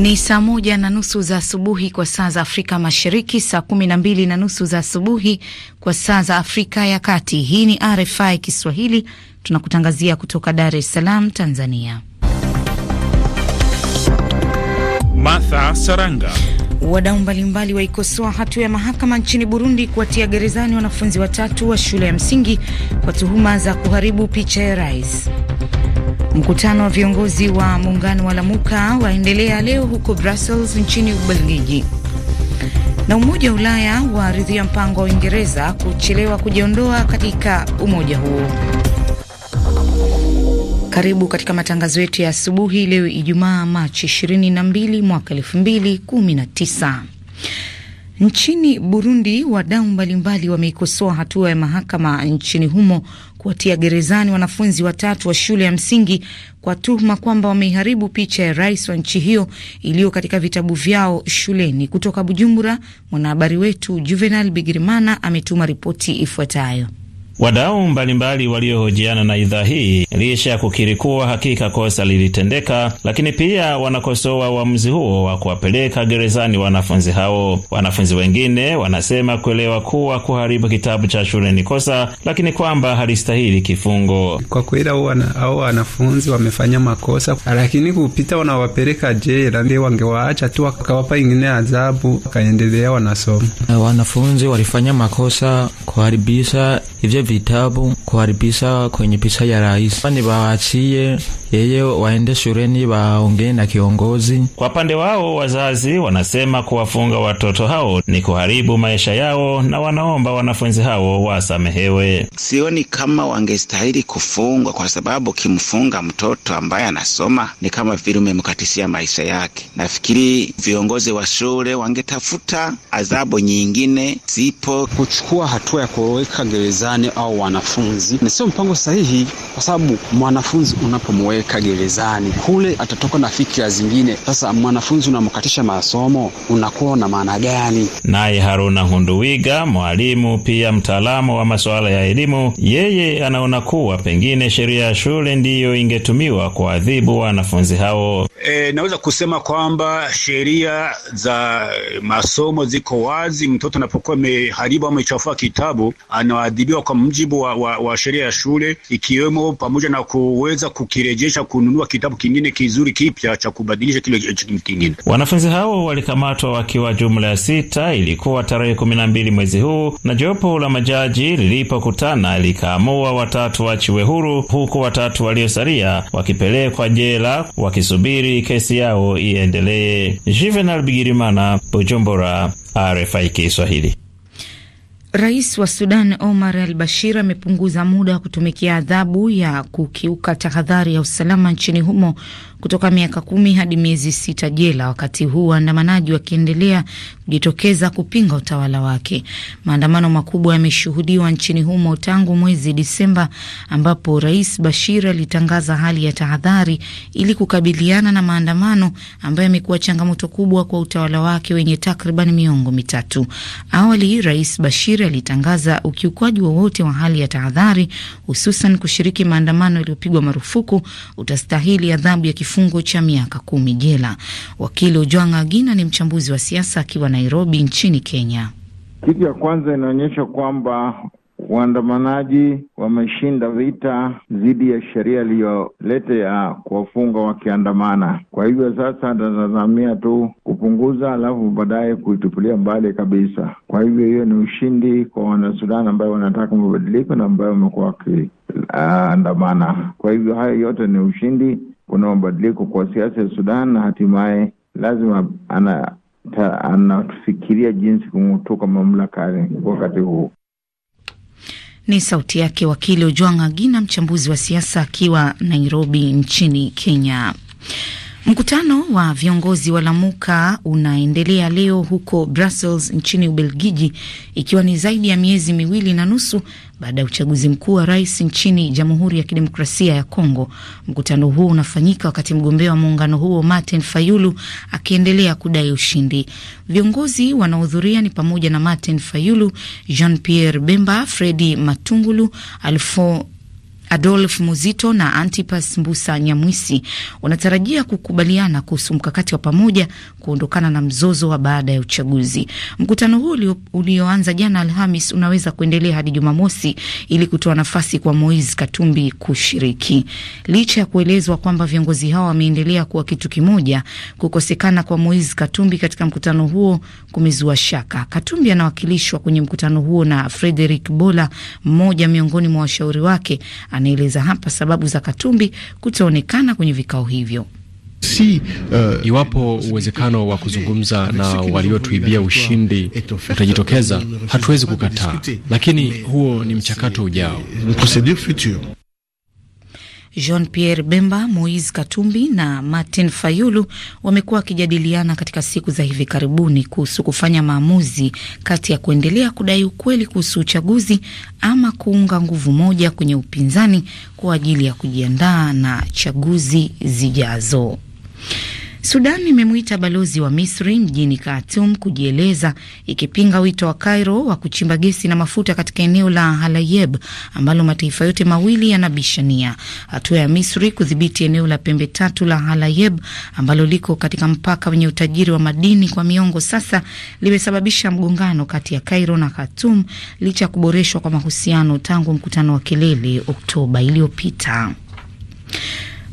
Ni saa moja na nusu za asubuhi kwa saa za Afrika Mashariki, saa kumi na mbili na nusu za asubuhi kwa saa za Afrika ya Kati. Hii ni RFI Kiswahili, tunakutangazia kutoka Dar es Salaam, Tanzania. Martha Saranga. Wadau mbalimbali waikosoa hatua ya mahakama nchini Burundi kuwatia gerezani wanafunzi watatu wa shule ya msingi kwa tuhuma za kuharibu picha ya rais. Mkutano wa viongozi wa muungano wa Lamuka waendelea leo huko Brussels nchini Ubelgiji. Na Umoja wa Ulaya waridhia mpango wa Uingereza kuchelewa kujiondoa katika umoja huo. Karibu katika matangazo yetu ya asubuhi leo Ijumaa Machi 22 mwaka 2019. Nchini Burundi, wadau mbalimbali wameikosoa hatua ya mahakama nchini humo kuwatia gerezani wanafunzi watatu wa shule ya msingi kwa tuhuma kwamba wameiharibu picha ya rais wa nchi hiyo iliyo katika vitabu vyao shuleni. Kutoka Bujumbura, mwanahabari wetu Juvenal Bigirimana ametuma ripoti ifuatayo. Wadau mbalimbali waliohojiana na idhaa hii licha ya kukiri kuwa hakika kosa lilitendeka, lakini pia wanakosoa uamuzi huo wa kuwapeleka gerezani wanafunzi hao. Wanafunzi wengine wanasema kuelewa kuwa kuharibu kitabu cha shule ni kosa, lakini kwamba halistahili kifungo. Kwa kweli hao wanafunzi wamefanya makosa, lakini kupita wanawapeleka jela, ndio wangewaacha tu wakawapa ingine adhabu wakaendelea wanasoma. Wanafunzi walifanya makosa kuharibisha hivyo vitabu kuharibisa kwenye picha ya rais. Ni wawachie yeye waende shuleni waongee na kiongozi. Kwa pande wao, wazazi wanasema kuwafunga watoto hao ni kuharibu maisha yao, na wanaomba wanafunzi hao wasamehewe. Sioni kama wangestahili kufungwa, kwa sababu kimfunga mtoto ambaye anasoma ni kama vile umemkatisia maisha yake. Nafikiri viongozi wa shule wangetafuta adhabu nyingine zipo, kuchukua hatua ya kuweka gerezani au wanafunzi, na sio mpango sahihi, kwa sababu mwanafunzi unapomweka gerezani kule atatoka na fikira zingine. Sasa mwanafunzi unamkatisha masomo, unakuwa na maana gani? Naye Haruna Hunduwiga, mwalimu pia mtaalamu wa masuala ya elimu, yeye anaona kuwa pengine sheria ya shule ndiyo ingetumiwa kuadhibu wanafunzi hao. E, naweza kusema kwamba sheria za masomo ziko wazi. Mtoto anapokuwa ameharibu au amechafua kitabu anaadhibiwa kwa mjibu wa, wa, wa sheria ya shule, ikiwemo pamoja na kuweza kukirejesha kununua kitabu kingine kizuri kipya cha kubadilisha kile kingine. Wanafunzi hao walikamatwa wakiwa jumla ya sita. Ilikuwa tarehe kumi na mbili mwezi huu, na jopo la majaji lilipokutana likaamua watatu wachiwe huru, huku watatu waliosalia wakipelekwa jela wakisubiri kesi yao iendelee. Juvenal Bigirimana, Bujumbura, RFI Kiswahili. Rais wa Sudan Omar al Bashir amepunguza muda wa kutumikia adhabu ya kukiuka tahadhari ya usalama nchini humo kutoka miaka kumi hadi miezi sita jela, wakati huu waandamanaji wakiendelea kujitokeza kupinga utawala wake. Maandamano makubwa yameshuhudiwa nchini humo tangu mwezi Disemba, ambapo Rais Bashir alitangaza hali ya tahadhari ili kukabiliana na maandamano ambayo yamekuwa changamoto kubwa kwa utawala wake wenye takriban miongo mitatu. Awali Rais Bashir alitangaza ukiukwaji wowote wa, hali ya tahadhari, hususan kushiriki maandamano yaliyopigwa marufuku utastahili adhabu ya kifungo cha miaka kumi jela. Wakili Ojwanga Agina ni mchambuzi wa siasa akiwa Nairobi nchini Kenya. Kitu ya kwanza inaonyesha kwamba waandamanaji wameshinda vita dhidi ya sheria iliyoleta ya kuwafunga wakiandamana. Kwa hivyo sasa natazamia tu kupunguza, alafu baadaye kuitupilia mbali kabisa. Kwa hivyo hiyo ni ushindi kwa Wanasudani ambayo wanataka mabadiliko na ambayo wamekuwa wakiandamana. Kwa hivyo hayo yote ni ushindi kuna mabadiliko kwa siasa ya Sudan na hatimaye lazima anafikiria ana jinsi kung'otoka mamlakani wakati huu. Ni sauti yake wakili Ojwang Agina, mchambuzi wa siasa akiwa Nairobi nchini Kenya. Mkutano wa viongozi wa Lamuka unaendelea leo huko Brussels nchini Ubelgiji, ikiwa ni zaidi ya miezi miwili na nusu baada ya uchaguzi mkuu wa rais nchini Jamhuri ya Kidemokrasia ya Kongo. Mkutano huo unafanyika wakati mgombea wa muungano huo Martin Fayulu akiendelea kudai ushindi. Viongozi wanaohudhuria ni pamoja na Martin Fayulu, Jean Pierre Bemba, Fredi Matungulu, Alfo Adolf Muzito na Antipas Mbusa Nyamwisi wanatarajia kukubaliana kuhusu mkakati wa pamoja kuondokana na mzozo wa baada ya uchaguzi. Mkutano huu ulioanza jana Alhamis unaweza kuendelea hadi Jumamosi ili kutoa nafasi kwa Moise Katumbi kushiriki. Licha ya kuelezwa kwamba viongozi hao wameendelea kuwa kitu kimoja, kukosekana kwa Moise Katumbi katika mkutano huo kumezua shaka. Katumbi anawakilishwa kwenye mkutano huo na Frederick Bola, mmoja miongoni mwa washauri wake anaeleza hapa sababu za Katumbi kutoonekana kwenye vikao hivyo. Si, uh, iwapo uwezekano wa kuzungumza na waliotuibia ushindi utajitokeza, hatuwezi kukataa, lakini huo ni mchakato ujao. Jean Pierre Bemba, Moise Katumbi na Martin Fayulu wamekuwa wakijadiliana katika siku za hivi karibuni kuhusu kufanya maamuzi kati ya kuendelea kudai ukweli kuhusu uchaguzi ama kuunga nguvu moja kwenye upinzani kwa ajili ya kujiandaa na chaguzi zijazo. Sudan imemwita balozi wa Misri mjini Khartoum kujieleza ikipinga wito wa Cairo wa kuchimba gesi na mafuta katika eneo la Halayeb ambalo mataifa yote mawili yanabishania. Hatua ya Misri kudhibiti eneo la pembe tatu la Halayeb ambalo liko katika mpaka wenye utajiri wa madini kwa miongo sasa limesababisha mgongano kati ya Cairo na Khartoum licha ya kuboreshwa kwa mahusiano tangu mkutano wa kilele Oktoba iliyopita.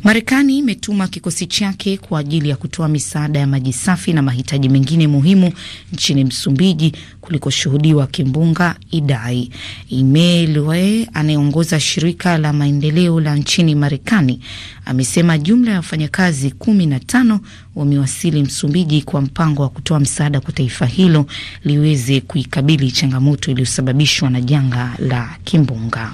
Marekani imetuma kikosi chake kwa ajili ya kutoa misaada ya maji safi na mahitaji mengine muhimu nchini Msumbiji kulikoshuhudiwa kimbunga Idai. Imelwe anayeongoza shirika la maendeleo la nchini Marekani amesema jumla ya wafanyakazi kumi na tano wamewasili Msumbiji kwa mpango wa kutoa msaada kwa taifa hilo liweze kuikabili changamoto iliyosababishwa na janga la kimbunga.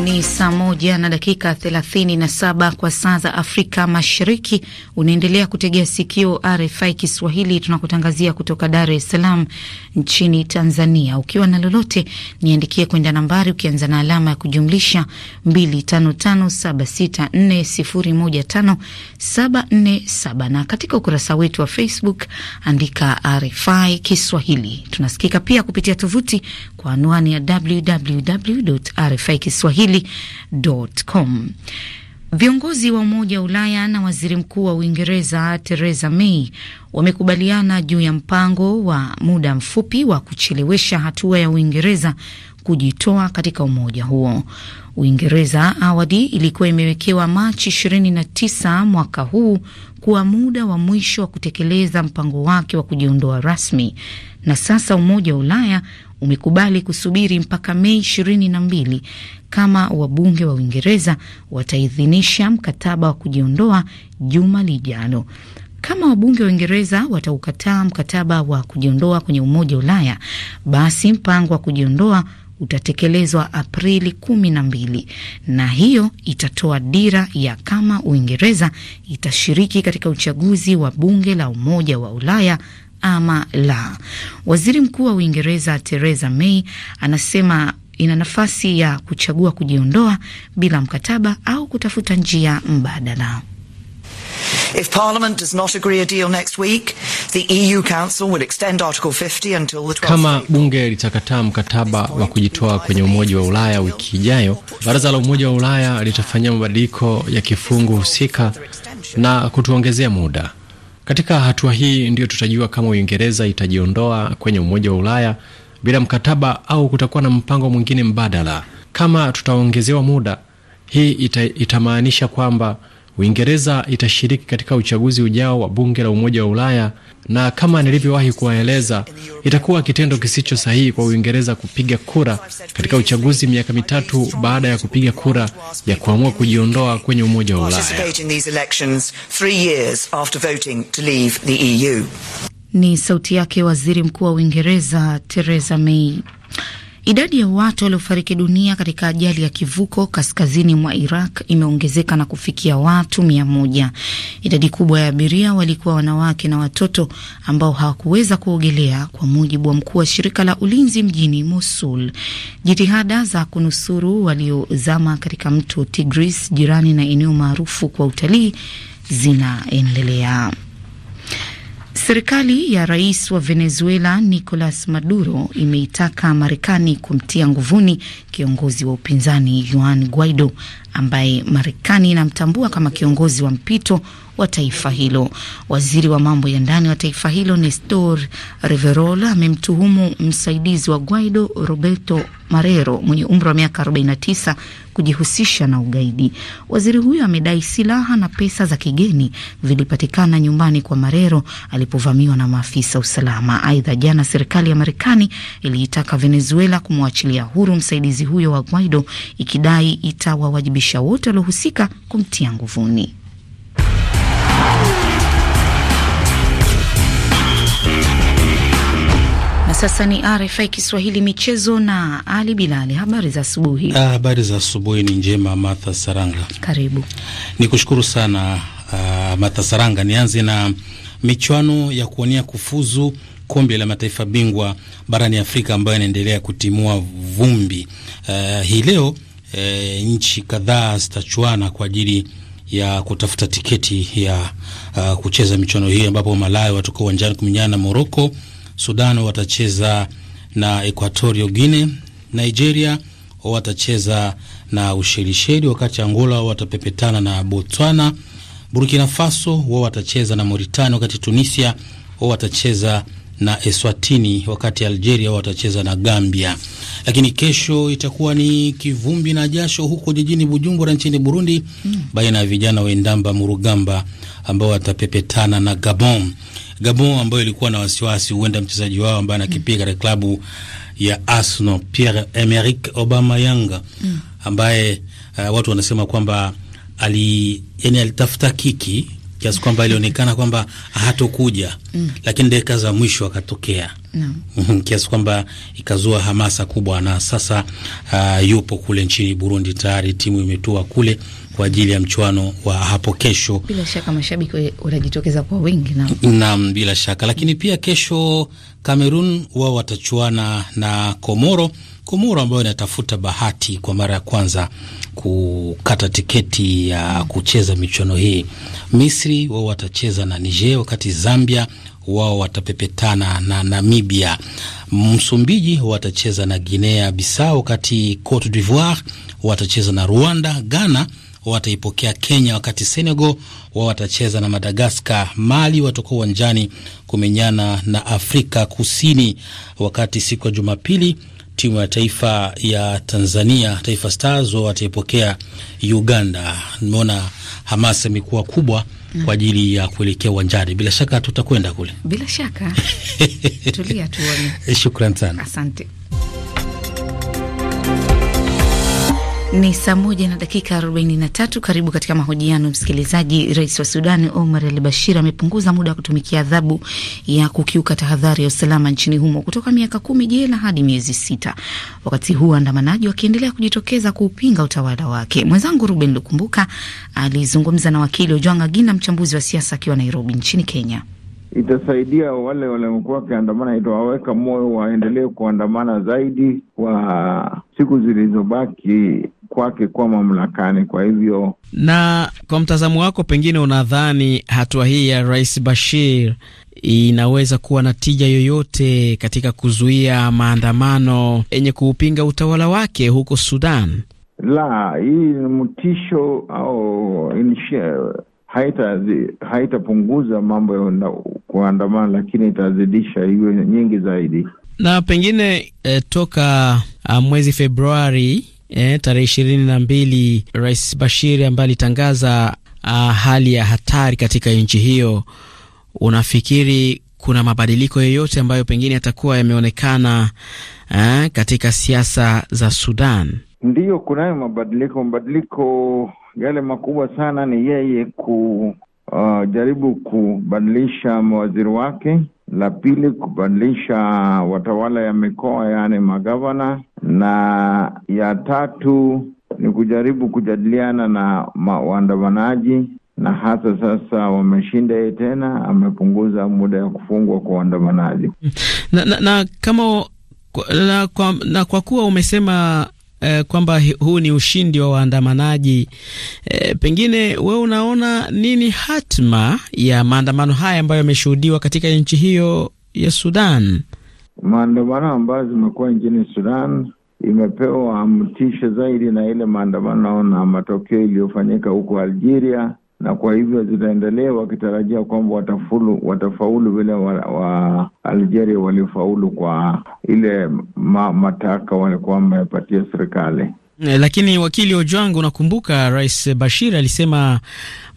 Ni saa moja na dakika saba kwa saa za Afrika Mashariki. Unaendelea kutegea sikio RFI Kiswahili, tunakutangazia kutoka Dar es Salaam nchini Tanzania. Ukiwa na lolote, niandikie kwenda nambari ukianza na alama ya kujumlisha 255764015747 na katika ukurasa wetu wa Facebook andika RFI Kiswahili. Tunasikika pia kupitia tovuti kwa anwani ya www.rfi kiswahili swahili.com. Viongozi wa Umoja wa Ulaya na waziri mkuu wa Uingereza Theresa May wamekubaliana juu ya mpango wa muda mfupi wa kuchelewesha hatua ya Uingereza kujitoa katika umoja huo. Uingereza awali ilikuwa imewekewa Machi 29 mwaka huu kuwa muda wa mwisho wa kutekeleza mpango wake wa kujiondoa rasmi, na sasa Umoja wa Ulaya umekubali kusubiri mpaka Mei 22 kama wabunge wa Uingereza wataidhinisha mkataba wa kujiondoa juma lijalo. Kama wabunge wa Uingereza wataukataa mkataba wa kujiondoa kwenye Umoja wa Ulaya, basi mpango wa kujiondoa utatekelezwa Aprili kumi na mbili, na hiyo itatoa dira ya kama Uingereza itashiriki katika uchaguzi wa bunge la Umoja wa Ulaya ama la. Waziri Mkuu wa Uingereza Theresa May anasema ina nafasi ya kuchagua kujiondoa bila mkataba au kutafuta njia mbadala. If Parliament does not agree a deal next week, the EU Council will extend Article 50 until the 12th. Kama bunge litakataa mkataba wa kujitoa kwenye Umoja wa Ulaya wiki ijayo, Baraza la Umoja wa Ulaya litafanyia mabadiliko ya kifungu husika na kutuongezea muda. Katika hatua hii ndiyo tutajua kama Uingereza itajiondoa kwenye Umoja wa Ulaya bila mkataba au kutakuwa na mpango mwingine mbadala. Kama tutaongezewa muda, hii ita, itamaanisha kwamba Uingereza itashiriki katika uchaguzi ujao wa bunge la Umoja wa Ulaya, na kama nilivyowahi kuwaeleza, itakuwa kitendo kisicho sahihi kwa Uingereza kupiga kura katika uchaguzi miaka mitatu baada ya kupiga kura ya kuamua kujiondoa kwenye Umoja wa Ulaya. Ni sauti yake waziri mkuu wa Uingereza Theresa May. Idadi ya watu waliofariki dunia katika ajali ya kivuko kaskazini mwa Iraq imeongezeka na kufikia watu mia moja. Idadi kubwa ya abiria walikuwa wanawake na watoto ambao hawakuweza kuogelea, kwa mujibu wa mkuu wa shirika la ulinzi mjini Mosul. Jitihada za kunusuru waliozama katika mto Tigris, jirani na eneo maarufu kwa utalii, zinaendelea. Serikali ya rais wa Venezuela Nicolas Maduro imeitaka Marekani kumtia nguvuni kiongozi wa upinzani Juan Guaido ambaye Marekani inamtambua kama kiongozi wa mpito wa taifa hilo. Waziri wa mambo ya ndani wa taifa hilo Nestor Riverola amemtuhumu msaidizi wa Guaido Roberto Marero mwenye umri wa miaka 49 kujihusisha na ugaidi. Waziri huyo amedai silaha na pesa za kigeni vilipatikana nyumbani kwa Marero alipovamiwa na maafisa usalama. Aidha, jana serikali ya Marekani iliitaka Venezuela kumwachilia huru msaidizi huyo wa Guaido ikidai itawawajibisha wote waliohusika kumtia nguvuni. Sasa ni RFI Kiswahili michezo na Ali Bilali. Habari za asubuhi. Ah, habari za asubuhi ni njema, Martha Saranga. Karibu. Ni kushukuru sana uh, Martha Saranga. Nianze na michuano ya kuonea kufuzu kombe la mataifa bingwa barani Afrika ambayo inaendelea kutimua vumbi. Uh, hii leo uh, nchi kadhaa zitachuana kwa ajili ya kutafuta tiketi ya uh, kucheza michuano hii ambapo Malawi watakuwa uwanjani kumenyana na Morocco, Sudan watacheza na Equatorial Guinea, Nigeria watacheza na Ushelisheli, wakati Angola watapepetana na Botswana, Burkina Faso wao watacheza na Mauritania, wakati Tunisia wao watacheza na Eswatini, wakati Algeria watacheza na Gambia. Lakini kesho itakuwa ni kivumbi na jasho huko jijini Bujumbura nchini Burundi mm. baina ya vijana wa Indamba Murugamba ambao watapepetana na Gabon. Gabon ambayo ilikuwa na wasiwasi huenda mchezaji wao ambaye anakipiga katika mm. klabu ya Arsenal Pierre Emerick Aubameyang mm. ambaye uh, watu wanasema kwamba ali, yani alitafuta kiki kiasi kwamba ilionekana kwamba hatokuja mm. Lakini dakika za mwisho akatokea no. Mhm, kiasi kwamba ikazua hamasa kubwa, na sasa uh, yupo kule nchini Burundi tayari, timu imetua kule kwa ajili ya mchuano wa hapo kesho. Bila shaka mashabiki wanajitokeza kwa wingi na Naam, bila shaka lakini pia kesho Kamerun wao watachuana na Komoro, Komoro ambayo inatafuta bahati kwa mara ya kwanza kukata tiketi ya kucheza michuano hii. Misri wao watacheza na Niger, wakati Zambia wao watapepetana na Namibia. Msumbiji watacheza na Guinea Bissau, wakati Cote d'Ivoire watacheza na Rwanda. Ghana wataipokea Kenya, wakati Senegal wao watacheza na Madagaskar. Mali watakuwa uwanjani kumenyana na Afrika Kusini, wakati siku ya Jumapili timu ya taifa ya Tanzania, Taifa Stars, wao wataipokea Uganda. Nimeona hamasa imekuwa kubwa kwa mm. ajili ya kuelekea uwanjani. Bila shaka tutakwenda kule, bila shaka tulia tuone. Shukran sana, asante. Ni saa moja na dakika 43. Karibu katika mahojiano msikilizaji. Rais wa Sudani Omar al Bashir amepunguza muda wa kutumikia adhabu ya kukiuka tahadhari ya usalama nchini humo kutoka miaka kumi jela hadi miezi sita, wakati huu waandamanaji wakiendelea kujitokeza kuupinga utawala wake. Mwenzangu Ruben Lukumbuka alizungumza na wakili Ojwanga Gina, mchambuzi wa siasa, akiwa Nairobi nchini Kenya. Itasaidia wale waliokuwa wakiandamana, itawaweka moyo waendelee kuandamana zaidi kwa siku zilizobaki kwake kuwa mamlakani. Kwa hivyo, na kwa mtazamo wako, pengine unadhani hatua hii ya Rais Bashir inaweza kuwa na tija yoyote katika kuzuia maandamano yenye kuupinga utawala wake huko Sudan? La, hii ni mtisho au haitapunguza haita mambo ya kuandamana, lakini itazidisha iwe nyingi zaidi. Na pengine eh, toka ah, mwezi Februari eh, tarehe ishirini na mbili Rais Bashir ambaye alitangaza ah, hali ya hatari katika nchi hiyo, unafikiri kuna mabadiliko yoyote ambayo pengine yatakuwa yameonekana eh, katika siasa za Sudan? Ndiyo, kunayo mabadiliko. Mabadiliko yale makubwa sana ni yeye kujaribu ah, uh, kubadilisha mawaziri wake la pili kubadilisha watawala ya mikoa, yaani magavana, na ya tatu ni kujaribu kujadiliana na waandamanaji, na hasa sasa wameshinda yeye tena, amepunguza muda ya kufungwa kwa waandamanaji na, na, na kama na kwa, na kwa kuwa umesema eh, kwamba huu ni ushindi wa waandamanaji eh, pengine wewe unaona nini hatma ya maandamano haya ambayo yameshuhudiwa katika nchi hiyo ya Sudan? Maandamano ambayo zimekuwa nchini Sudan imepewa mtisho zaidi na ile maandamano na matokeo iliyofanyika huko Algeria na kwa hivyo zitaendelea wakitarajia kwamba watafulu watafaulu vile wa, wa Algeria walifaulu kwa ile ma, mataka walikuwa wamepatia serikali. Eh, lakini wakili Ojwang, unakumbuka Rais Bashir alisema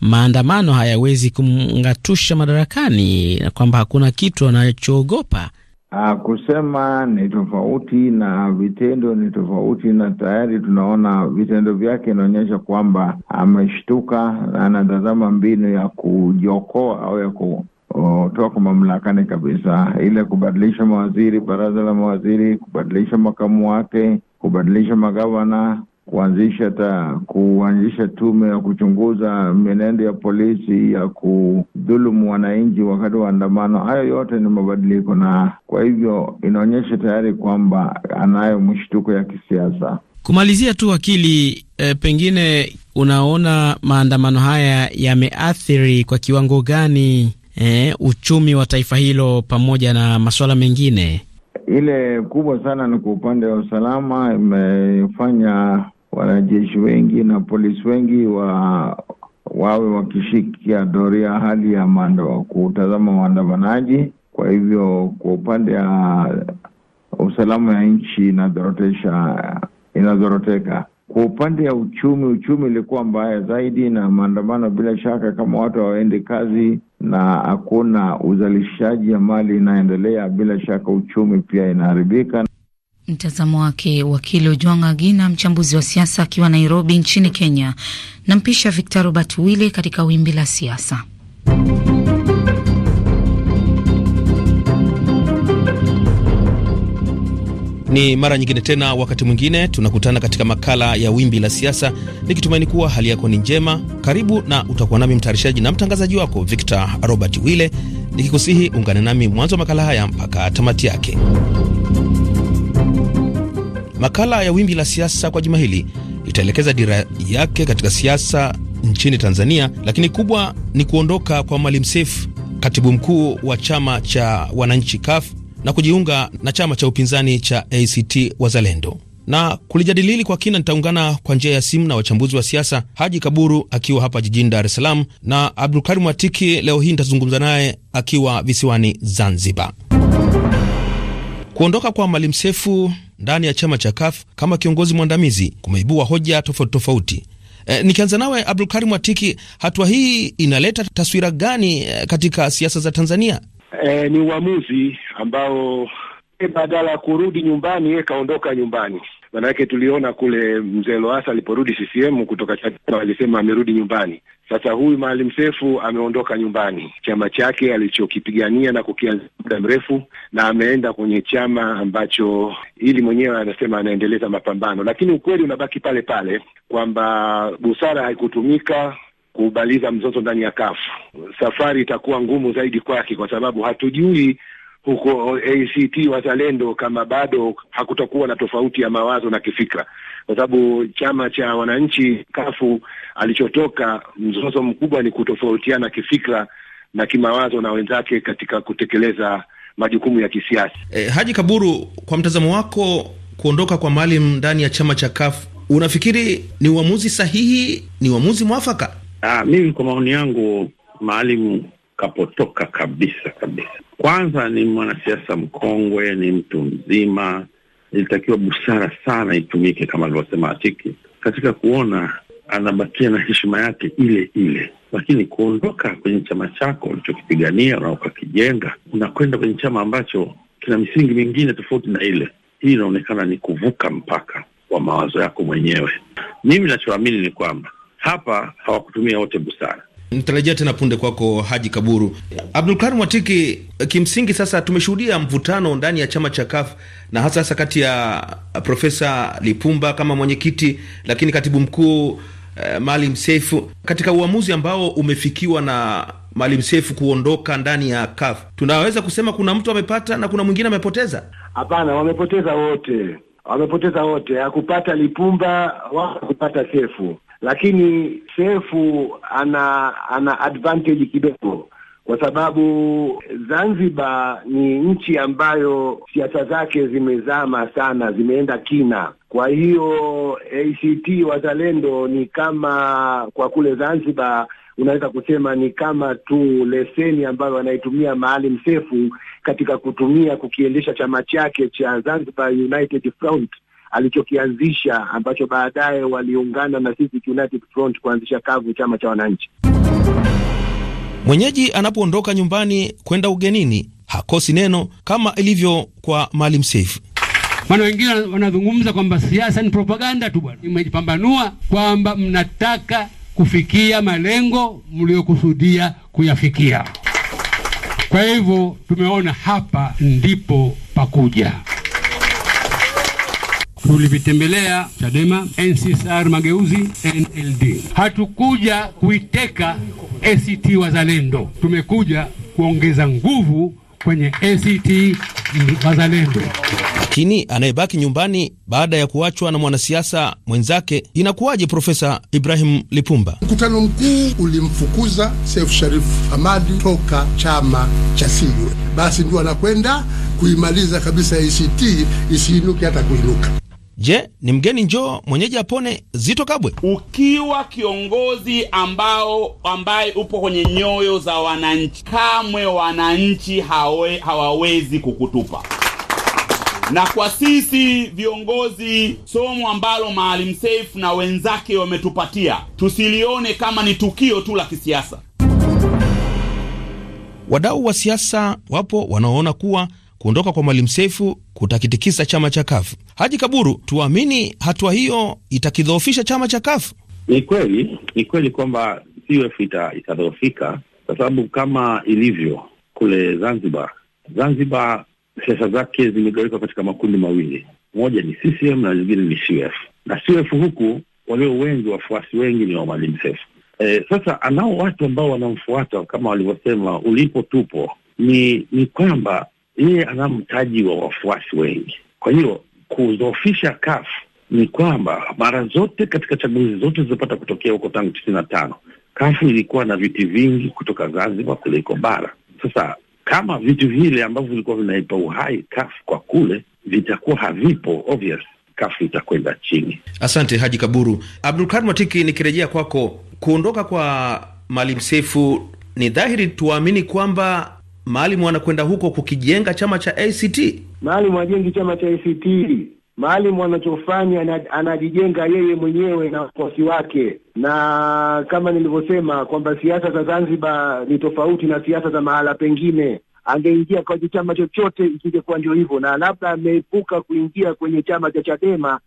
maandamano hayawezi kumngatusha madarakani na kwamba hakuna kitu anachoogopa. Aa, ah, kusema ni tofauti na vitendo ni tofauti, na tayari tunaona vitendo vyake inaonyesha kwamba ameshtuka, na anatazama mbinu ya kujiokoa au ya ku toka mamlakani kabisa, ile kubadilisha mawaziri, baraza la mawaziri, kubadilisha makamu wake, kubadilisha magavana, kuanzisha ta kuanzisha tume ya kuchunguza mienendo ya polisi ya kudhulumu wananchi wakati wa andamano. Hayo yote ni mabadiliko, na kwa hivyo inaonyesha tayari kwamba anayo mshtuko ya kisiasa. Kumalizia tu wakili, e, pengine unaona maandamano haya yameathiri kwa kiwango gani e, uchumi wa taifa hilo pamoja na masuala mengine? Ile kubwa sana ni kwa upande wa usalama, imefanya wanajeshi wengi na polisi wengi wa wawe wakishikia doria hali ya maandamano, kutazama waandamanaji. Kwa hivyo kwa upande wa usalama ya nchi inazorotesha inazoroteka. Kwa upande wa uchumi, uchumi ilikuwa mbaya zaidi na maandamano, bila shaka, kama watu hawaendi kazi na hakuna uzalishaji ya mali inaendelea, bila shaka uchumi pia inaharibika. Mtazamo wake wakili Ojwanga Gina, mchambuzi wa siasa akiwa Nairobi nchini Kenya. Nampisha Victor Robert Wille katika wimbi la siasa. Ni mara nyingine tena, wakati mwingine tunakutana katika makala ya wimbi la siasa, nikitumaini kuwa hali yako ni njema. Karibu na utakuwa nami mtayarishaji na mtangazaji wako Victor Robert Wille, nikikusihi ungane nami mwanzo wa makala haya mpaka tamati yake. Makala ya Wimbi la Siasa kwa juma hili itaelekeza dira yake katika siasa nchini Tanzania, lakini kubwa ni kuondoka kwa Mwalimu Seif, katibu mkuu wa chama cha wananchi CUF, na kujiunga na chama cha upinzani cha ACT Wazalendo na kulijadilili kwa kina, nitaungana kwa njia ya simu na wachambuzi wa siasa, Haji Kaburu akiwa hapa jijini Dar es Salaam na Abdulkarim Atiki. Leo hii nitazungumza naye akiwa visiwani Zanzibar. Kuondoka kwa Maalim Seif ndani ya chama cha CUF kama kiongozi mwandamizi kumeibua hoja tofauti tofauti. E, nikianza nawe Karim Watiki, hatua hii inaleta taswira gani e, katika siasa za Tanzania? E, ni uamuzi ambao e, badala ya kurudi nyumbani yeye kaondoka nyumbani. Maanake tuliona kule mzee loasa aliporudi CCM kutoka Chadema alisema amerudi nyumbani. Sasa huyu Maalim Sefu ameondoka nyumbani, chama chake alichokipigania na kukianzia muda mrefu, na ameenda kwenye chama ambacho ili mwenyewe anasema anaendeleza mapambano, lakini ukweli unabaki pale pale kwamba busara haikutumika kubaliza mzozo ndani ya kafu. Safari itakuwa ngumu zaidi kwake, kwa sababu hatujui huko ACT Wazalendo kama bado hakutakuwa na tofauti ya mawazo na kifikra, kwa sababu chama cha wananchi kafu alichotoka, mzozo mkubwa ni kutofautiana kifikra na kimawazo na wenzake katika kutekeleza majukumu ya kisiasa. E, Haji Kaburu, kwa mtazamo wako, kuondoka kwa Maalim ndani ya chama cha kafu unafikiri ni uamuzi sahihi? Ni uamuzi mwafaka? Ah, mimi kwa maoni yangu Maalim kapotoka kabisa kabisa. Kwanza ni mwanasiasa mkongwe, ni mtu mzima. Ilitakiwa busara sana itumike kama alivyosema Atiki katika kuona anabakia na heshima yake ile ile, lakini kuondoka kwenye chama chako ulichokipigania na ukakijenga, unakwenda kwenye chama ambacho kina misingi mingine tofauti na ile. Hii inaonekana ni kuvuka mpaka wa mawazo yako mwenyewe. Mimi nachoamini ni kwamba hapa hawakutumia wote busara nitarejea tena punde kwako Haji Kaburu. Karim Watiki, kimsingi sasa tumeshuhudia mvutano ndani ya chama cha KAF na hasa hasa kati ya Profesa Lipumba kama mwenyekiti, lakini katibu mkuu eh, Maalim Seif katika uamuzi ambao umefikiwa na Maalim Seif kuondoka ndani ya KAF, tunaweza kusema kuna mtu amepata na kuna mwingine amepoteza? Hapana, wamepoteza wote, wamepoteza wote. Hakupata Lipumba wala kupata Seif lakini Sefu ana ana advantage kidogo kwa sababu Zanzibar ni nchi ambayo siasa zake zimezama sana, zimeenda kina. Kwa hiyo ACT Wazalendo ni kama kwa kule Zanzibar, unaweza kusema ni kama tu leseni ambayo wanaitumia Maalim Sefu katika kutumia kukiendesha chama chake cha Zanzibar United Front alichokianzisha ambacho baadaye waliungana na sisi United Front kuanzisha kavu chama cha wananchi. Mwenyeji anapoondoka nyumbani kwenda ugenini hakosi neno, kama ilivyo kwa Maalim Seif. Maana wengine wanazungumza kwamba siasa ni propaganda tu bwana, imejipambanua kwamba mnataka kufikia malengo mliokusudia kuyafikia. Kwa hivyo tumeona hapa ndipo pakuja tulivitembelea Chadema, NCCR Mageuzi, NLD. Hatukuja kuiteka ACT e Wazalendo, tumekuja kuongeza nguvu kwenye ACT e Wazalendo. Lakini anayebaki nyumbani baada ya kuachwa na mwanasiasa mwenzake inakuwaje? Profesa Ibrahim Lipumba, mkutano mkuu ulimfukuza Seif Sharif Hamadi toka chama cha CUF, basi ndio anakwenda kuimaliza kabisa ACT e isiinuke hata kuinuka. Je, ni mgeni njoo mwenyeji apone? Zito Kabwe, ukiwa kiongozi ambao ambaye upo kwenye nyoyo za wananchi, kamwe wananchi hawe, hawawezi kukutupa na kwa sisi viongozi, somo ambalo Maalim Seif na wenzake wametupatia tusilione kama ni tukio tu la kisiasa. Wadau wa siasa wapo wanaoona kuwa kuondoka kwa Mwalimu Seif kutakitikisa chama cha kafu Haji Kaburu, tuamini hatua hiyo itakidhoofisha chama cha kafu? Ni kweli, ni kweli kwamba CUF itadhoofika kwa sababu kama ilivyo kule Zanzibar, Zanzibar siasa zake zimegawika katika makundi mawili, moja ni CCM na zingine ni CUF. Na CUF huku walio wengi, wafuasi wengi ni wa Maalim Seif. E, sasa anao watu ambao wanamfuata kama walivyosema, ulipo tupo. Ni ni kwamba yeye ana mtaji wa wafuasi wengi, kwa hiyo kudhoofisha CUF ni kwamba mara zote katika chaguzi zote zilizopata kutokea huko tangu tisini na tano kafu ilikuwa na viti vingi kutoka Zanzibar kuliko bara. Sasa kama vitu vile ambavyo vilikuwa vinaipa uhai kafu kwa kule vitakuwa havipo, obvious itakwenda chini. Asante Haji Kaburu. Abdulkarim Matiki, nikirejea kwako, kuondoka kwa Maalim Sefu ni dhahiri tuwaamini kwamba maalimu anakwenda huko kukijenga chama cha ACT Maalim hajengi chama cha ACT. Maalim anachofanya anajijenga yeye mwenyewe na wafuasi wake, na kama nilivyosema kwamba siasa za Zanzibar ni tofauti na siasa za mahala pengine. Angeingia kwenye chama chochote isingekuwa ndio hivyo, na labda ameepuka kuingia kwenye chama cha Chadema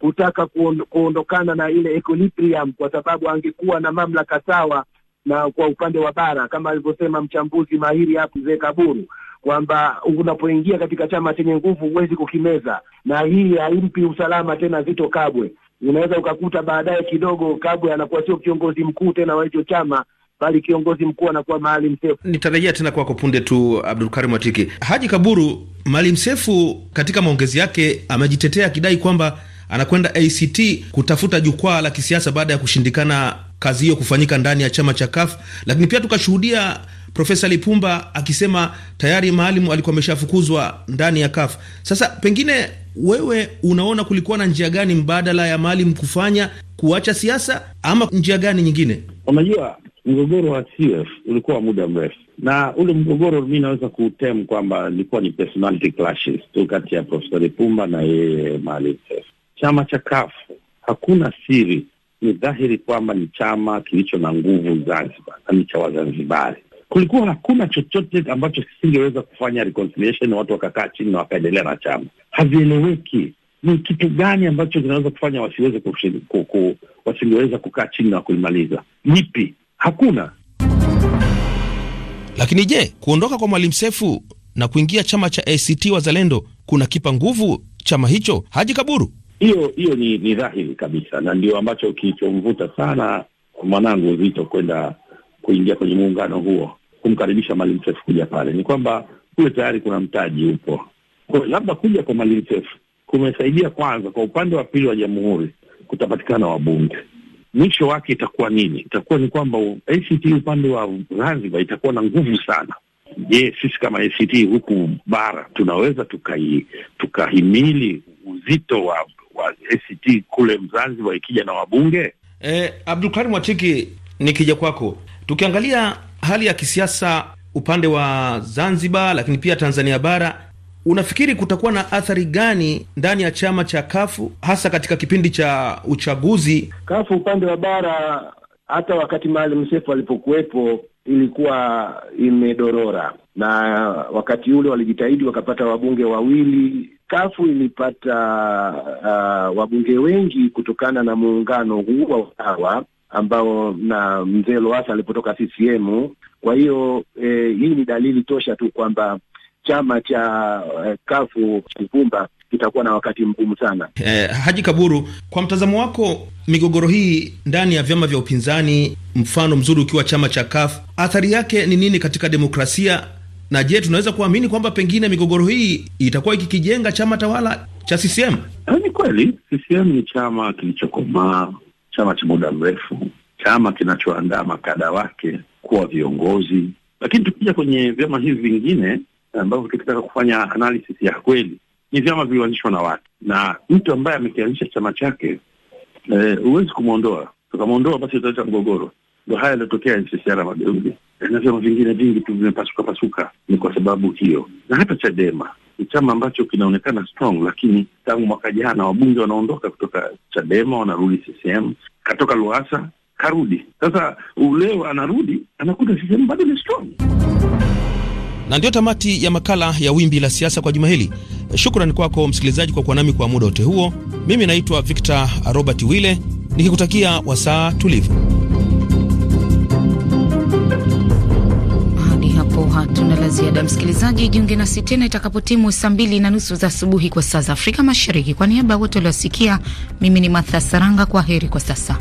kutaka kuondokana na ile equilibrium, kwa sababu angekuwa na mamlaka sawa na kwa upande wa bara, kama alivyosema mchambuzi mahiri hapo Mzee Kaburu kwamba unapoingia katika chama chenye nguvu huwezi kukimeza, na hii haimpi usalama tena Zito Kabwe. Unaweza ukakuta baadaye kidogo Kabwe anakuwa sio kiongozi mkuu tena wa hicho chama bali kiongozi mkuu anakuwa Maalim Seif. Nitarejea tena kwako punde tu, Abdulkarim Atiki. Haji Kaburu, Maalim msefu katika maongezi yake amejitetea akidai kwamba anakwenda ACT kutafuta jukwaa la kisiasa baada ya kushindikana kazi hiyo kufanyika ndani ya chama cha CUF, lakini pia tukashuhudia Profesa Lipumba akisema tayari Maalimu alikuwa ameshafukuzwa ndani ya kafu. Sasa pengine wewe unaona kulikuwa na njia gani mbadala ya Maalim kufanya kuacha siasa ama njia gani nyingine? Unajua, mgogoro wa CF ulikuwa muda mrefu, na ule mgogoro mi naweza kutem kwamba ilikuwa ni personality clashes tu kati ya Profesa Lipumba na yeye Maalim Seif. Chama cha kafu hakuna siri, ni dhahiri kwamba ni chama kilicho na nguvu Zanzibar na ni cha Wazanzibari kulikuwa hakuna chochote ambacho kisingeweza kufanya reconciliation, watu wakakaa chini na wakaendelea na chama. Havieleweki ni kitu gani ambacho kinaweza kufanya wasiweze kuku, wasingeweza kukaa chini na kuimaliza lipi? Hakuna. Lakini je, kuondoka kwa Mwalimu Sefu na kuingia chama cha ACT Wazalendo kuna kipa nguvu chama hicho? Haji Kaburu, hiyo hiyo ni, ni dhahiri kabisa, na ndio ambacho kilichomvuta sana mwanangu Zito kwenda kuingia kwenye muungano huo kumkaribisha Maalim Seif kuja pale ni kwamba kule tayari kuna mtaji upo. Kwa labda kuja kwa Maalim Seif kumesaidia kwanza, kwa upande wa pili wa jamhuri kutapatikana wabunge. Mwisho wake itakuwa nini? Itakuwa ni kwamba ACT upande wa Zanzibar itakuwa na nguvu sana. Je, sisi kama ACT huku bara tunaweza tukai, tukahimili uzito wa, wa ACT kule Zanzibar ikija na wabunge? Eh, Abdulkarim Mwachiki nikija kwako, tukiangalia hali ya kisiasa upande wa Zanzibar, lakini pia Tanzania bara Unafikiri kutakuwa na athari gani ndani ya chama cha Kafu hasa katika kipindi cha uchaguzi? Kafu upande wa bara, hata wakati Maalim Seif alipokuwepo ilikuwa imedorora, na wakati ule walijitahidi wakapata wabunge wawili. Kafu ilipata uh, wabunge wengi kutokana na muungano huu wa Utawa ambao na mzee loasa alipotoka CCM. Kwa hiyo eh, hii ni dalili tosha tu kwamba chama cha eh, kafu kuvumba kitakuwa na wakati mgumu sana. Eh, Haji Kaburu, kwa mtazamo wako, migogoro hii ndani ya vyama vya upinzani, mfano mzuri ukiwa chama cha kafu, athari yake ni nini katika demokrasia? Na je, tunaweza kuamini kwamba pengine migogoro hii itakuwa ikikijenga chama tawala cha CCM? Ah, ni kweli CCM ni chama kilichokomaa chama cha muda mrefu, chama kinachoandaa makada wake kuwa viongozi. Lakini tukija kwenye vyama hivi vingine ambavyo tukitaka kufanya analysis ya kweli, ni vyama vilioanzishwa na watu, na mtu ambaye amekianzisha chama chake eh, huwezi e, kumwondoa. Tukamwondoa basi utaleta mgogoro. Ndo haya yaliotokea NCCR Mageuzi, na vyama vingine vingi tu vimepasuka pasuka, ni kwa sababu hiyo, na hata Chadema ni chama ambacho kinaonekana strong, lakini tangu mwaka jana wabunge wanaondoka kutoka Chadema wanarudi CCM, katoka Luasa karudi sasa, uleo anarudi anakuta CCM bado ni strong. Na ndiyo tamati ya makala ya Wimbi la Siasa kwa juma hili. Shukrani kwako msikilizaji kwa kuwa nami kwa muda wote huo. Mimi naitwa Victor Robert wille nikikutakia wasaa tulivu. hatuna la ziada. Msikilizaji, jiunge nasi tena itakapotimu saa mbili na nusu za asubuhi kwa saa za Afrika Mashariki. Kwa niaba ya wote waliosikia, mimi ni Matha Saranga, kwa heri kwa sasa.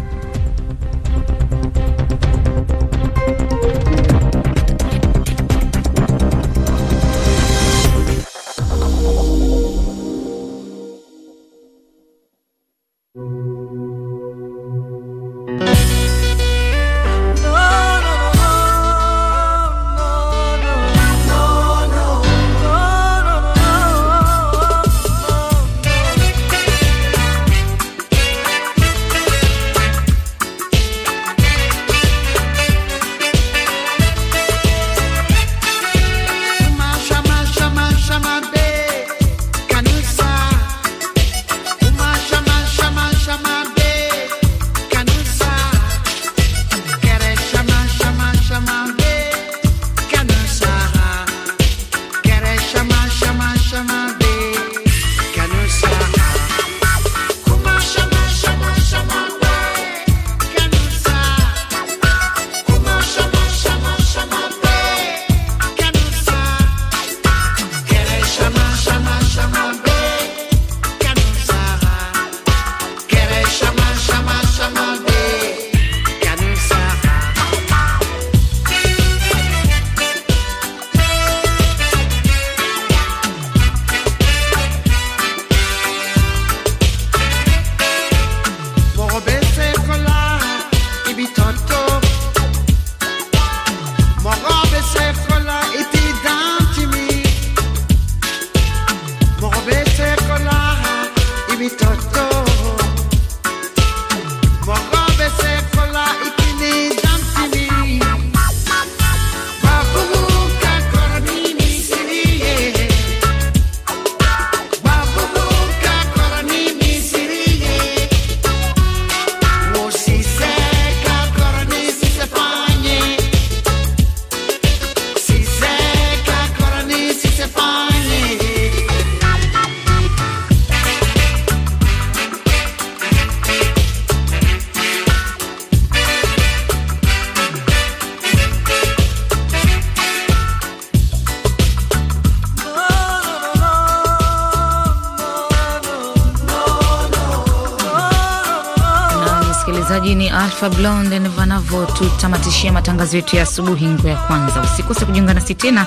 Alpha Blonde ndivyo anavyotamatishia matangazo yetu ya asubuhi ngo ya kwanza. Usikose kujiunga nasi tena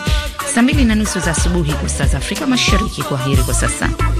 saa mbili na nusu za asubuhi kwa saa za Afrika Mashariki. Kwa heri kwa sasa.